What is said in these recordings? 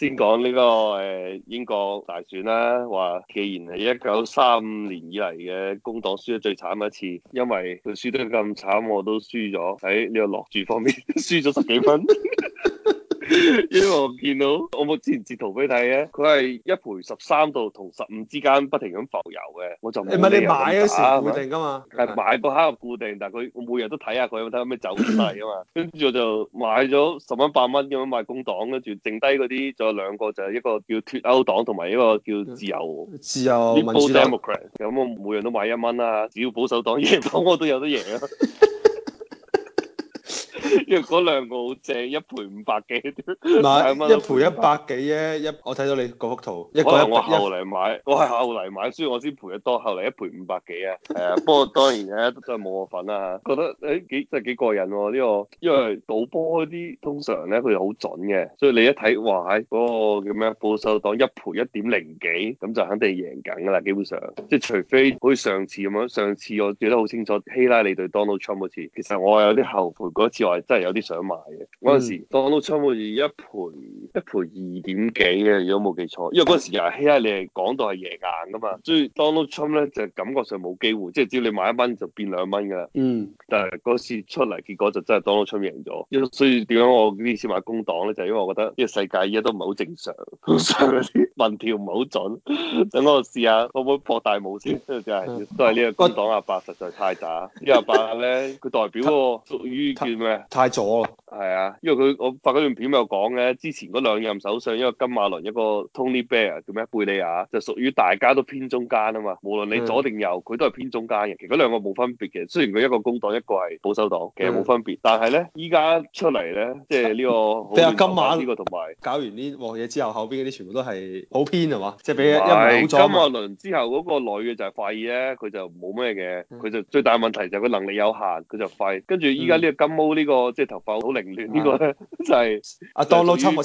先講呢個誒英國大選啦，話既然係一九三五年以嚟嘅工黨輸得最慘一次，因為佢輸得咁慘，我都輸咗，喺呢個落注方面輸咗十幾分。 因為我見到，我冇之前截圖俾你睇嘅，佢係一賠十三度同十五之間不停咁浮游嘅，我就唔係你，你買嗰時固定噶嘛，係買個刻固定，但係佢我每日都睇下佢，睇有咩走勢啊嘛，跟住我就買咗十蚊八蚊咁樣買工黨，跟住剩低嗰啲仲有兩個，就係一個叫脫歐黨，同埋一個叫自由自由民主 Democrat，咁我每樣都買一蚊啦，只要保守黨、贏黨我都有得贏啊。 因為嗰兩個好正，一賠五百幾，買 一賠一百幾啫。 一,一我睇到你嗰幅圖，一個係我後嚟買， 我係後嚟買，所以我先賠得多。後嚟一賠五百幾啊。係 啊，不過當然咧，真係冇我份啦、啊、吓。覺得誒、欸、幾真係幾過癮喎、啊！呢、這個因為賭波啲通常咧佢好準嘅，所以你一睇哇喺嗰、那個叫咩保守黨一賠一點零幾，咁就肯定贏緊噶啦。基本上即係、就是、除非好似上次咁樣，上次我記得好清楚希拉里對 Donald Trump 嗰次，其實我有啲後悔嗰次真係有啲想買嘅，陣時當都差唔多一盤。一賠二點幾嘅，啊，如果冇記錯，因為嗰陣時啊，希拉里係講到係贏硬噶嘛，所以 Donald Trump 咧就感覺上冇機會，即、就、係、是、只要你買一蚊就變兩蚊噶啦。嗯，但係嗰次出嚟結果就真係 Donald Trump 贏咗，所以點解我工呢次買工黨咧，就係、是、因為我覺得呢個世界依家都唔係好正常，上民調唔係好準，等我試下可唔可以博大霧先，即係都係呢個工黨阿伯實在太大，因為阿伯咧佢代表個屬於叫咩？太左啦。係啊，因為佢我發嗰段片咪有講嘅，之前嗰兩任首相一個金馬倫，一個 Tony Blair 叫咩？貝利亞就屬於大家都偏中間啊嘛，無論你左定右，佢都係偏中間嘅。其實嗰兩個冇分別嘅，雖然佢一個工黨一個係保守黨，其實冇分別。但係咧，依家出嚟咧，即係呢個、這個、 比阿金馬倫呢、這個同埋搞完呢鑊嘢之後，後邊嗰啲全部都係好偏係嘛？即係比一唔金馬倫之後嗰個女嘅就廢咧，佢就冇咩嘅，佢就最大問題就係佢能力有限，佢就廢。跟住依家呢個金毛呢、這個、嗯、即係頭髮好靚。呢、啊這個咧就係 Donald Trump 嘅親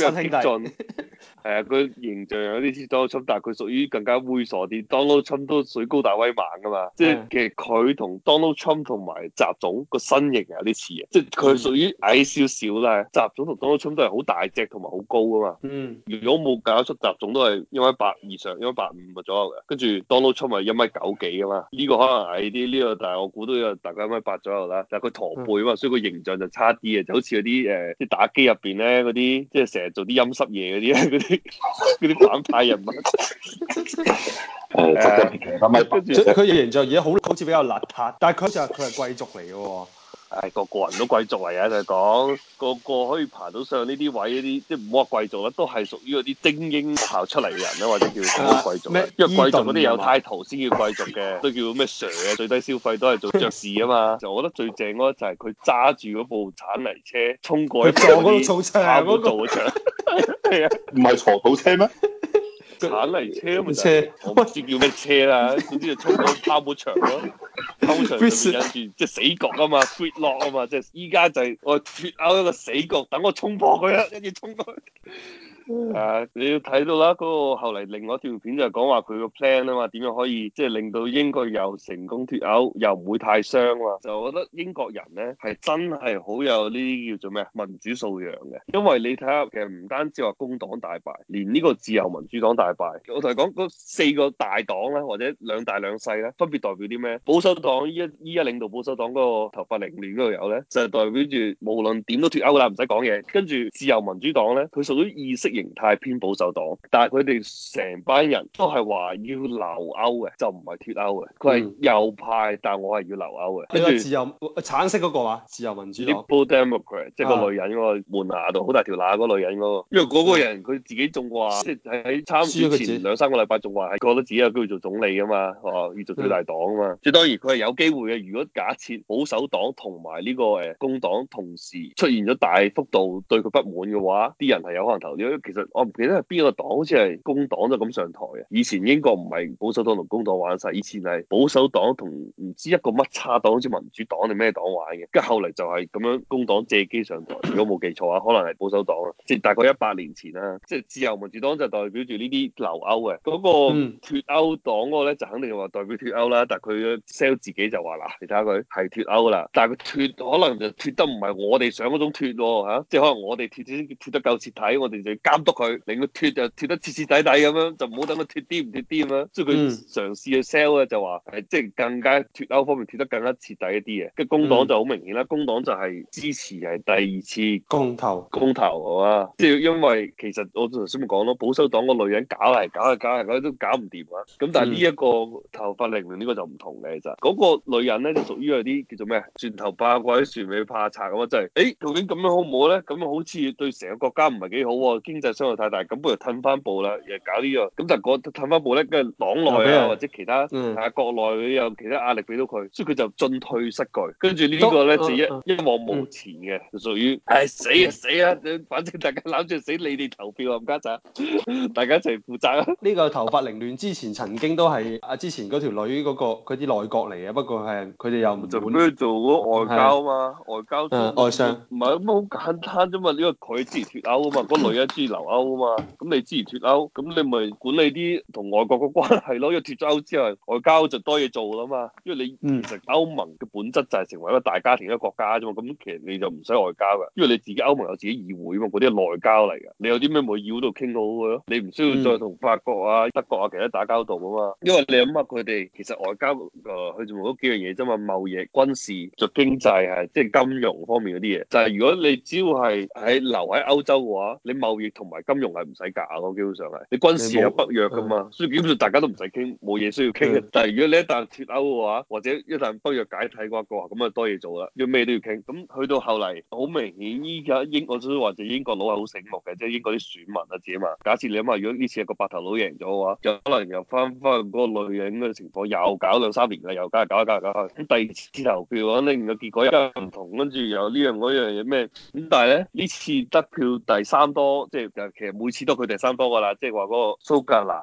兄弟，係 啊，佢形象有啲似 Donald Trump，但係佢屬於更加猥瑣啲。Donald Trump 都屬於高大威猛噶嘛，即、啊、係、就是、其實佢同 Donald Trump 同埋習總個身形有啲似啊，即係佢屬於矮少少啦。習總同 Donald Trump 都係好大隻同埋好高噶嘛。嗯，如果冇搞得出習總都係一米八以上，一米八五啊左右嘅。跟住 Donald Trump 係一米九幾噶嘛，呢、這個可能矮啲，呢、這個但係我估都有大概一米八左右啦。但係佢駝背啊嘛，嗯，所以個形象就差啲嘅，就好似。啲誒，啲、呃、打機入邊咧，嗰啲即係成日做啲陰濕嘢嗰啲，嗰啲嗰啲反派人物。誒、 呃，佢 嘅形象而家好好似比較邋遢，但係佢就佢係貴族嚟嘅喎。係個個人都貴族嚟啊！就係講個個可以爬到上呢啲位嗰啲，即係唔好話貴族都係屬於嗰啲精英學校出嚟嘅人啊，或者叫貴族、啊。咩？因為貴族嗰啲有 title 先叫貴族嘅，都叫咩 Sir 啊？ 最低消費都係做爵士啊嘛。就 我覺得最正嗰就係佢揸住嗰部鏟泥車衝過去撞。撞嗰度，撞，撞 坐到車啊！係啊，唔係鋤土車咩？鏟泥車咁嘅，就是，車，我唔知叫咩車啦，總 之 就衝到拋滿牆咯，拋滿牆，跟住即係死局啊嘛，grid lock 啊嘛，即係依家就是就是，我脱勾一個死局，等我衝破佢啦，跟住衝過去。誒、 uh,，你要睇到啦，嗰、那個後嚟另外一段片就講話佢個 plan 啊嘛，點樣可以即係、就是、令到英國又成功脫歐又唔會太傷啊？就我覺得英國人咧係真係好有呢啲叫做咩民主素養嘅，因為你睇下其實唔單止話工黨大敗，連呢個自由民主黨大敗，我同你講嗰四個大黨咧，或者兩大兩細咧，分別代表啲咩？保守黨依家依家領導保守黨嗰個頭髮凌亂嗰度有咧，就係代表住無論點都脫歐啦，唔使講嘢。跟住自由民主黨咧，佢屬於意識形態偏保守黨，但係佢哋成班人都係話要留歐嘅，就唔係脱歐嘅。佢係右派，嗯、但我係要留歐嘅。譬、嗯、如自由橙色嗰個啊，自由民主黨。Liberal Democrat 即、啊、係、就是、個女人嗰個門牙度好大條乸嗰個女人嗰、那個、因為嗰個人佢自己仲話，即係喺參選前兩三個禮拜仲話係覺得自己有機會都要做總理啊嘛，哦要做最大黨啊嘛。即、嗯、係當然佢係有機會嘅。如果假設保守黨同埋呢個誒、呃、工黨同時出現咗大幅度對佢不滿嘅話，啲人係有可能投。其實我唔記得係邊個黨，好似係工黨就咁上台嘅。以前英國唔係保守黨同工黨玩晒。以前係保守黨同唔知一個乜叉黨，好似民主黨定咩黨玩嘅。跟住後嚟就係咁樣工黨借機上台。如果冇記錯啊，可能係保守黨啦，即係大概一百年前啦。即係自由民主黨就代表住呢啲留歐嘅嗰個脱歐黨嗰咧，就肯定話代表脱歐啦。但係佢 sell 自己就話嗱，你睇下佢係脱歐啦，但係佢脱可能就脱得唔係我哋想嗰種脱嚇，即係可能我哋脱先脱得夠徹底，我哋就監督佢，令佢脱就脱得徹徹底底咁樣，就唔好等佢脱啲唔脱啲咁樣。所以佢嘗試去 sell 啊，就話係即係更加脱歐方面脱得更加徹底一啲嘅。跟工黨就好明顯啦，工黨就係、嗯、支持係第二次公投，公投係嘛？即係因為其實我頭先咪講咯，保守黨、這個嗯個,就是、個女人搞嚟搞下搞下搞，都搞唔掂啊。咁但係呢一個頭髮凌亂呢個就唔同嘅咋，嗰個女人咧就屬於係啲叫做咩啊？船頭怕鬼，船尾怕賊咁啊！就係、是、誒、欸，究竟咁樣好唔好咧？咁好似對成個國家唔係幾好喎、啊，就傷害太大，咁不如褪翻步啦，又搞呢、這、樣、個，咁就個褪翻步咧，跟住黨內啊是是，或者其他啊、嗯，國內有其他壓力俾到佢，所以佢就進退失據，跟住呢個咧就一、嗯、一往無前嘅、嗯，就屬於誒、哎、死啊死啊，反正大家攬住死，你哋投票唔加責， 大家一齊負責啊！呢、這個頭髮凌亂，之前曾經都係啊，之前嗰條女嗰、那個佢啲內閣嚟嘅，不過係佢哋又唔做做外交啊嘛，外交外相，唔係咁好簡單啫嘛，因為佢之前脫歐啊嘛，嗰女一啲。 留歐啊嘛，咁你支持脫歐，咁你咪管理啲同外國個關係咯。因為脫咗歐之後，外交就多嘢做啦嘛。因為你其實歐盟嘅本質就係成為一個大家庭一個國家啫嘛。咁其實你就唔使外交嘅，因為你自己歐盟有自己議會嘛，嗰啲係內交嚟嘅。你有啲咩咪喺議會度傾好嘅咯。你唔需要再同法國啊、德國啊其他打交道啊嘛。因為你諗下佢哋其實外交誒，佢做埋嗰幾樣嘢啫嘛，貿易、軍事、就經濟係即係金融方面嗰啲嘢。就係、是、如果你只要係喺留喺歐洲嘅話，你貿易同唔係金融係唔使架咯，基本上係你軍事有北約㗎嘛，所以基本上大家都唔使傾，冇嘢需要傾。但係如果你一但脫歐嘅話，或者一但北約解體嘅話，咁啊多嘢做啦，要咩都要傾。咁去到後嚟，好明顯依家英，我先話英國佬係好醒目嘅，即係英國啲選民啊之嘛。假設你諗下，如果呢次係個白頭佬贏咗嘅話，就可能又翻翻嗰類型嘅情況又，又搞兩三年啦，又搞搞搞搞咁第二次投票嗰啲嘅結果又唔同，跟住又樣樣呢樣嗰樣嘢咩？咁但係咧呢次得票第三多，即係。其實每次都佢第三多噶啦，即係話嗰個蘇格蘭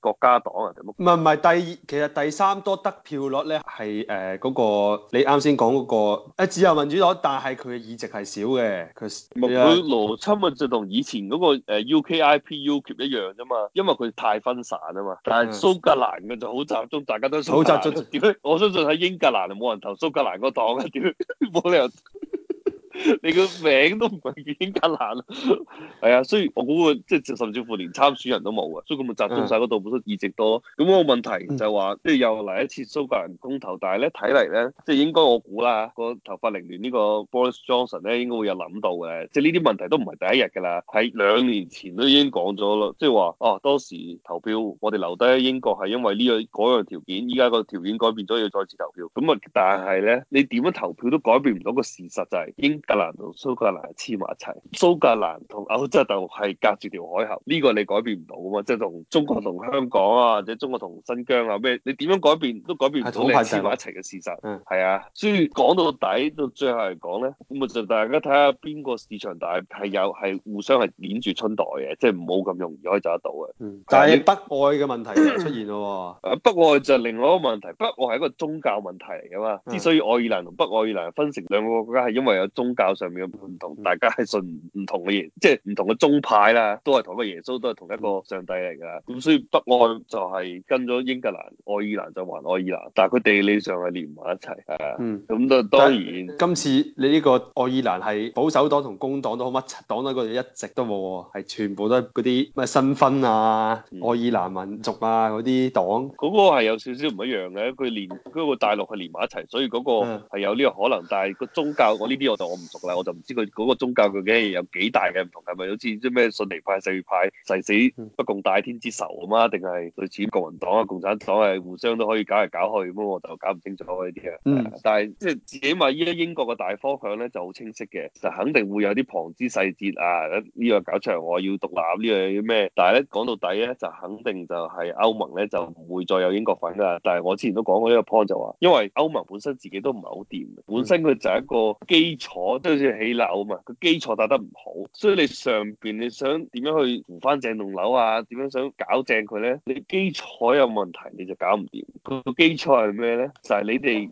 國家黨啊，唔係唔係，第其實第三多得票率咧係誒，嗰個你啱先講嗰個自由民主黨，但係佢嘅議席係少嘅。佢唔係佢羅親啊，他就同以前嗰個 UKIPU 缺一樣啫嘛，因為佢太分散啊嘛。但係蘇格蘭嘅就好集中，大家都好集中。點？ 我相信喺英格蘭就冇人投蘇格蘭嗰個啊，點冇 理由。 你個名都唔係英國難啊，係啊，所以我估個即係甚至乎連參選人都冇啊。所以佢咪集中晒嗰度，本身議席多。咁、嗯、我、個、問題就係話即係又嚟一次蘇格蘭公投，但係咧睇嚟咧，即係應該我估啦，個頭髮凌亂呢個 Boris Johnson 咧應該會有諗到嘅，即係呢啲問題都唔係第一日㗎啦，喺兩年前都已經講咗啦，即係話哦當時投票我哋留低喺英國係因為呢樣嗰樣條件，依家個條件改變咗要再次投票，咁啊但係咧你點樣投票都改變唔到、個事實就係英格蘭同蘇格蘭黐埋一齊，蘇格蘭同歐洲就係隔住條海峽，呢個你改變唔到噶嘛，即係同中國同香港啊，或者中國同新疆啊咩，你點樣改變都改變唔到你黐埋一齊嘅事實。嗯，係啊，所以講到底到最後嚟講咧，咁啊就大家睇下邊個市場大，係有係互相係攣住春袋嘅，即係冇咁容易可以走得到嘅、嗯。但係北愛嘅問題出現咯咳咳北愛就係另外一個問題，北愛係一個宗教問題嚟噶嘛。之所以愛爾蘭同北愛爾蘭分成兩個國家係因為有宗。教上面嘅判同，大家係信唔同嘅，嗯，即係唔同嘅宗派啦，都係同一乜耶穌都係同一個上帝嚟噶。咁所以北岸就係跟咗英格蘭，愛爾蘭就還愛爾蘭。但係佢地理上係連埋一齊，啊、嗯。咁就當然。今次你呢個愛爾蘭係保守黨同工黨都好乜黨咧？嗰度一直都冇喎，係全部都係嗰啲乜新婚啊、嗯、愛爾蘭民族啊嗰啲黨。嗰、那個係有少少唔一樣嘅，佢連嗰、那個大陸係連埋一齊，所以嗰個係有呢個可能。嗯、但係個宗教我呢啲我就我唔。我就唔知佢嗰個宗教究竟有幾大嘅唔同，係咪好似啲咩遜尼派、什葉派誓死不共戴天之仇啊？定係類似國民黨啊、共產黨係互相都可以搞嚟搞去？咁我就搞唔清楚呢啲、嗯、啊。但係即係自己話依家英國嘅大方向咧就好清晰嘅，就肯定會有啲旁枝細節啊。呢、這、樣、個、搞出嚟我要獨立呢樣嘢咩？但係咧講到底咧就肯定就係歐盟咧就唔會再有英國份啦。但係我之前都講過呢個 point 就話，因為歐盟本身自己都唔係好掂，本身佢就係一個基礎。都好似起樓啊嘛，個基礎打得唔好，所以你上邊你想點樣去扶翻正棟樓啊？點樣想搞正佢咧？你基礎有問題，你就搞唔掂。個基礎係咩咧？就係你哋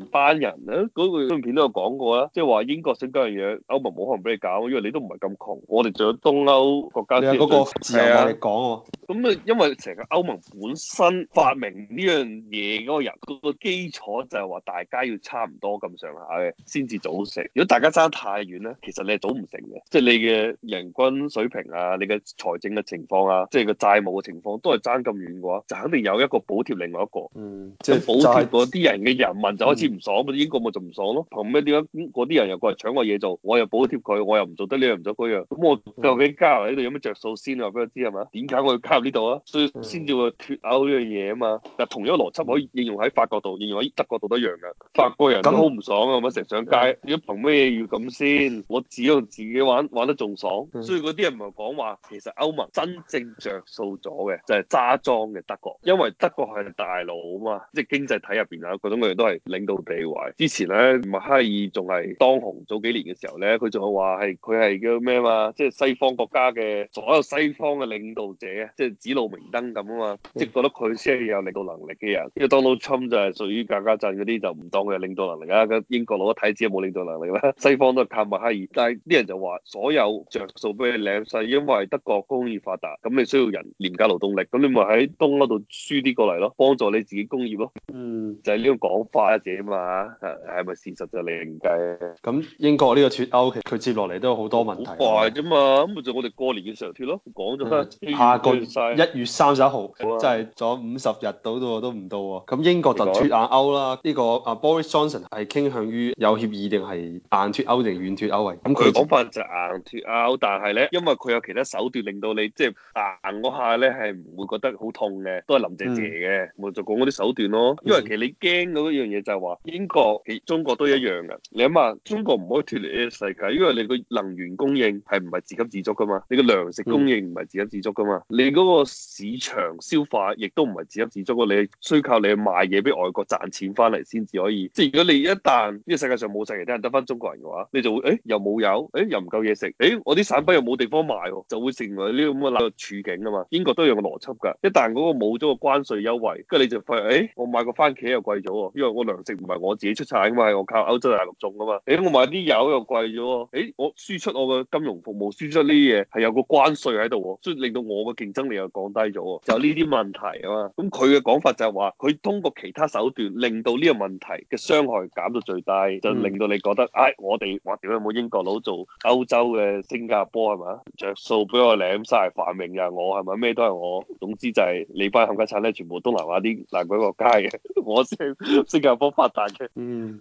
成班人啊！嗰個影片都有講過啦，即係話英國想搞樣嘢，歐盟冇可能俾你搞，因為你都唔係咁窮。我哋仲有東歐國家。你嗰個自由派講喎。咁啊，因為成個歐盟本身發明呢樣嘢嗰個人嗰個基礎就係話大家要差唔多咁上下嘅先至組成。大家爭太遠咧，其實你係做唔成嘅，即係你嘅人均水平啊，你嘅財政嘅情況啊，即係個債務嘅情況都係爭咁遠嘅話，就肯定有一個補貼另外一個。嗯，即係補貼嗰啲人嘅人民就開始唔爽。嗯，英國咪就唔爽咯。憑咩點解嗰啲人又過嚟搶我嘢做？我又補貼佢，我又唔做得呢樣唔做嗰樣，咁我究竟加入呢度有咩着數先？話俾佢知係嘛？點解我要加入呢度啊？所以先至會脫歐呢樣嘢啊嘛。但同樣邏輯可以應用喺法國度，應用喺德國度都一樣㗎。法國人真係好唔爽啊！我成日上街，如果憑咩？要咁先，我只要自己玩玩得仲爽，所以嗰啲人咪講話，其實歐盟真正着數咗嘅就係揸莊嘅德國，因為德國係大佬啊嘛，即係經濟體入邊啊，各佢嘢都係領導地位。之前咧默克爾仲係當紅，早幾年嘅時候咧，佢仲係話係佢係叫咩啊嘛，即係西方國家嘅所有西方嘅領導者，即係指路明燈咁啊嘛，即係覺得佢先係有領導能力嘅人。d o 當 a l 就係屬於格家陣嗰啲，就唔當佢有領導能力啊。英國攞個太子冇領導能力啦。西方都係靠默克爾，但係啲人就話所有着數俾你領晒，因為德國工業發達，咁你需要人廉價勞動力，咁你咪喺東歐度輸啲過嚟咯，幫助你自己工業咯。嗯，就係呢個講法一隻嘛，係咪事實就另計咧？咁英國呢個脱歐其實，佢接落嚟都有好多問題。好快啫嘛，咁就我哋過年嘅時候脫咯，講咗、嗯、下個月一月三十一號，即係咗五十日到到都唔到喎。咁英國就脱亞歐啦，呢、這個阿 Boris Johnson 係傾向於有協議定係，硬脱歐定軟脱歐啊？咁佢講法就硬脱歐，但係咧，因為佢有其他手段令到你即係硬嗰下咧係唔會覺得好痛嘅，都係林姐姐嘅，冇、嗯、就講嗰啲手段咯。因為其實你驚嗰樣嘢就係話英國、中國都一樣嘅。你諗下，中國唔可以脱離呢個世界，因為你個能源供應係唔係自給自足噶嘛？你個糧食供應唔係自給自足噶嘛？嗯、你嗰個市場消化亦都唔係自給自足，你需靠你去賣嘢俾外國賺錢翻嚟先至可以。即、就、係、是、如果你一旦呢個世界上冇曬其他人得翻中國人嘅話，你就會誒又冇油，誒又唔夠嘢食，誒我啲散品又冇地方賣就會成為呢啲咁嘅難處境啊嘛。英國都一樣嘅邏輯㗎，一旦嗰個冇咗個關稅優惠，跟住你就發現誒，我買個番茄又貴咗喎，因為我糧食唔係我自己出產㗎嘛，係我靠歐洲大陸種㗎嘛，誒我買啲油又貴咗喎，誒我輸出我嘅金融服務輸出呢啲嘢係有個關稅喺度喎，所以令到我嘅競爭力又降低咗喎，就呢啲問題啊嘛。咁佢嘅講法就係話，佢通過其他手段令到呢個問題嘅傷害減到最低，就令到你覺得唉。我哋話屌有冇英國佬做歐洲嘅新加坡係咪？着數俾我攬晒繁榮呀，我係咪咩都係我？總之就係你班冚家產咧，全部都東南亞啲南鬼國家嘅， 我先新加坡發達嘅。嗯。